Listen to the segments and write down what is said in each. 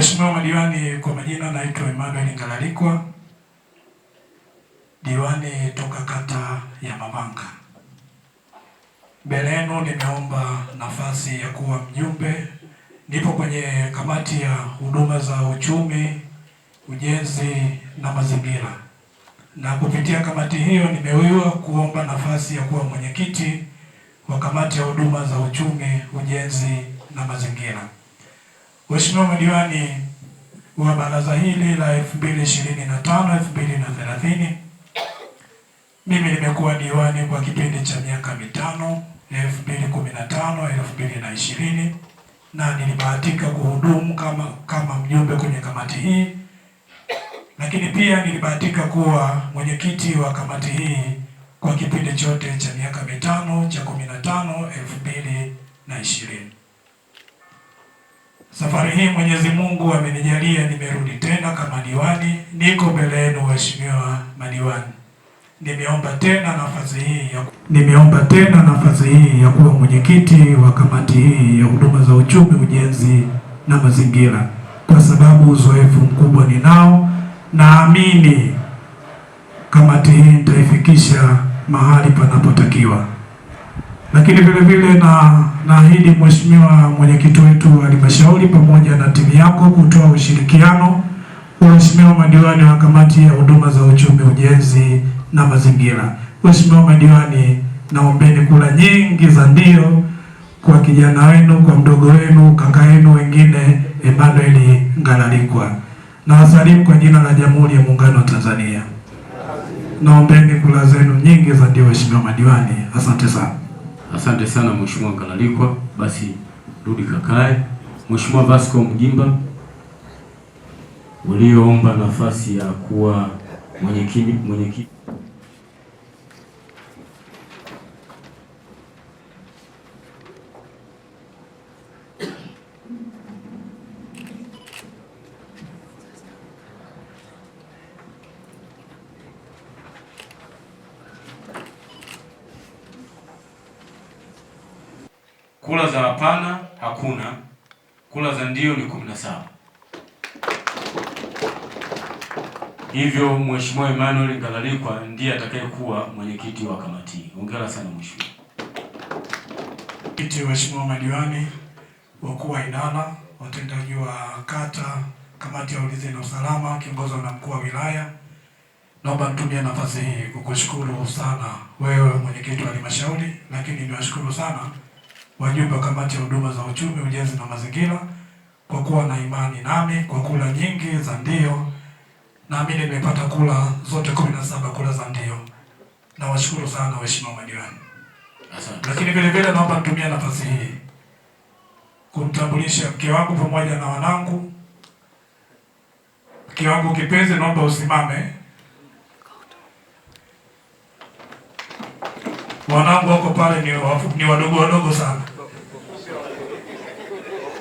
Mheshimiwa madiwani, kwa majina naitwa Emmanuel Ngalalikwa, diwani toka kata ya Mavanga. Mbele yenu nimeomba nafasi ya kuwa mjumbe, nipo kwenye kamati ya huduma za uchumi, ujenzi na mazingira, na kupitia kamati hiyo nimewiwa kuomba nafasi ya kuwa mwenyekiti wa kamati ya huduma za uchumi, ujenzi na mazingira. Mheshimiwa Madiwani wa baraza hili la elfu mbili ishirini na tano elfu mbili na thelathini mimi nimekuwa diwani kwa kipindi cha miaka mitano elfu mbili kumi na tano elfu mbili na ishirini na nilibahatika kuhudumu kama kama mjumbe kwenye kamati hii, lakini pia nilibahatika kuwa mwenyekiti wa kamati hii kwa kipindi chote cha miaka mitano cha kumi na tano elfu mbili na ishirini. Safari hii Mwenyezi Mungu amenijalia nimerudi tena kama diwani, niko mbele yenu waheshimiwa madiwani. Nimeomba tena nafasi hii ya nimeomba tena nafasi hii ya kuwa mwenyekiti wa kamati hii ya huduma za uchumi, ujenzi na mazingira, kwa sababu uzoefu mkubwa ninao. Naamini kamati hii nitaifikisha mahali panapotakiwa lakini vile vile na naahidi mheshimiwa mwenyekiti wetu wa halmashauri pamoja na timu yako kutoa ushirikiano kwa mheshimiwa madiwani wa kamati ya huduma za uchumi, ujenzi na mazingira. Mheshimiwa madiwani, naombeni kura nyingi za ndio kwa kijana wenu, kwa mdogo wenu, kaka yenu wengine Emmanuel Ngalalikwa. Nawasalimu kwa jina la Jamhuri ya Muungano wa Tanzania. Naombeni kura zenu nyingi za ndio, mheshimiwa madiwani. Asante sana. Asante sana Mheshimiwa Ngalalikwa, basi rudi kakae. Mheshimiwa Vasco Mgimba ulioomba nafasi ya kuwa mwenyekiti mwenyekiti Kura za hapana hakuna, kura za ndio ni kumi na saba. Hivyo Mheshimiwa Emmanuel Ngalalikwa ndiye atakayekuwa mwenyekiti wa kamati. Hongera sana mheshimiwa. Kiti, Mheshimiwa madiwani, wakuu wa idara, watendaji wa kata, kamati ya ulinzi na usalama kiongozwa na mkuu wa wilaya, naomba nitumie nafasi hii kukushukuru sana wewe mwenyekiti wa halmashauri, lakini niwashukuru sana wajumbe wa kamati ya huduma za uchumi, ujenzi na mazingira kwa kuwa na imani nami kwa kula nyingi za ndio, naamini nimepata kula zote kumi na saba kula za ndio. Nawashukuru sana waheshimiwa madiwani, lakini vile vile naomba nitumie nafasi hii kumtambulisha mke wangu pamoja na wanangu. Mke wangu kipenzi, naomba usimame. Wanangu wako pale ni, ni wadogo wadogo sana,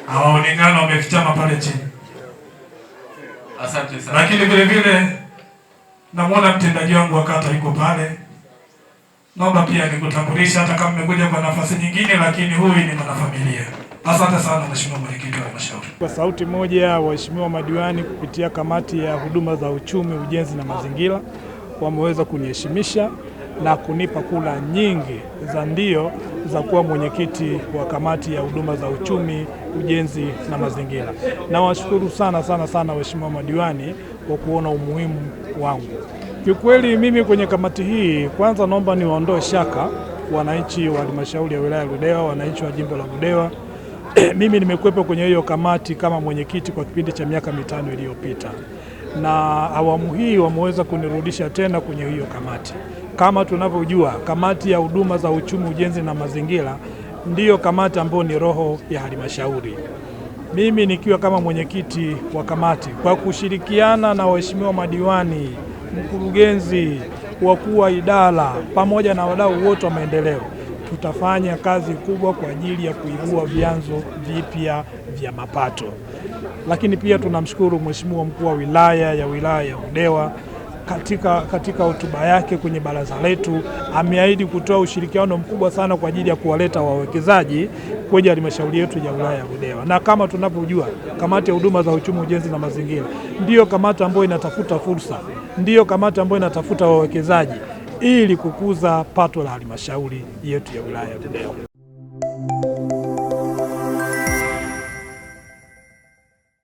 hawaonekana, wamefichama pale chini. Asante sana. Lakini vile vile namwona mtendaji wangu wa kata yuko pale, naomba pia nikutambulisha, hata kama mmekuja kwa nafasi nyingine, lakini huyu ni mwanafamilia. Asante sana Mheshimiwa Mwenyekiti wa Halmashauri. Kwa sauti moja, waheshimiwa madiwani kupitia kamati ya huduma za uchumi, ujenzi na mazingira wameweza kuniheshimisha na kunipa kula nyingi za ndio za kuwa mwenyekiti wa kamati ya huduma za uchumi, ujenzi na mazingira. Nawashukuru sana sana sana waheshimiwa madiwani kwa kuona umuhimu wangu. Kiukweli mimi kwenye kamati hii, kwanza naomba niwaondoe shaka wananchi wa halmashauri ya wilaya Ludewa, wananchi wa jimbo la Ludewa. Mimi nimekuwepo kwenye hiyo kamati kama mwenyekiti kwa kipindi cha miaka mitano iliyopita, na awamu hii wameweza kunirudisha tena kwenye hiyo kamati. Kama tunavyojua, kamati ya huduma za uchumi, ujenzi na mazingira ndiyo kamati ambayo ni roho ya halmashauri. Mimi nikiwa kama mwenyekiti wa kamati, kwa kushirikiana na waheshimiwa madiwani, mkurugenzi, wakuu wa idara pamoja na wadau wote wa maendeleo, tutafanya kazi kubwa kwa ajili ya kuibua vyanzo vipya vya mapato. Lakini pia tunamshukuru Mheshimiwa mkuu wa wilaya ya wilaya ya Udewa katika, katika hotuba yake kwenye baraza letu ameahidi kutoa ushirikiano mkubwa sana kwa ajili ya kuwaleta wawekezaji kwenye halmashauri yetu ya wilaya ya Ludewa, na kama tunavyojua kamati ya huduma za uchumi, ujenzi na mazingira ndiyo kamati ambayo inatafuta fursa, ndiyo kamati ambayo inatafuta wawekezaji ili kukuza pato la halmashauri yetu ya wilaya ya Ludewa.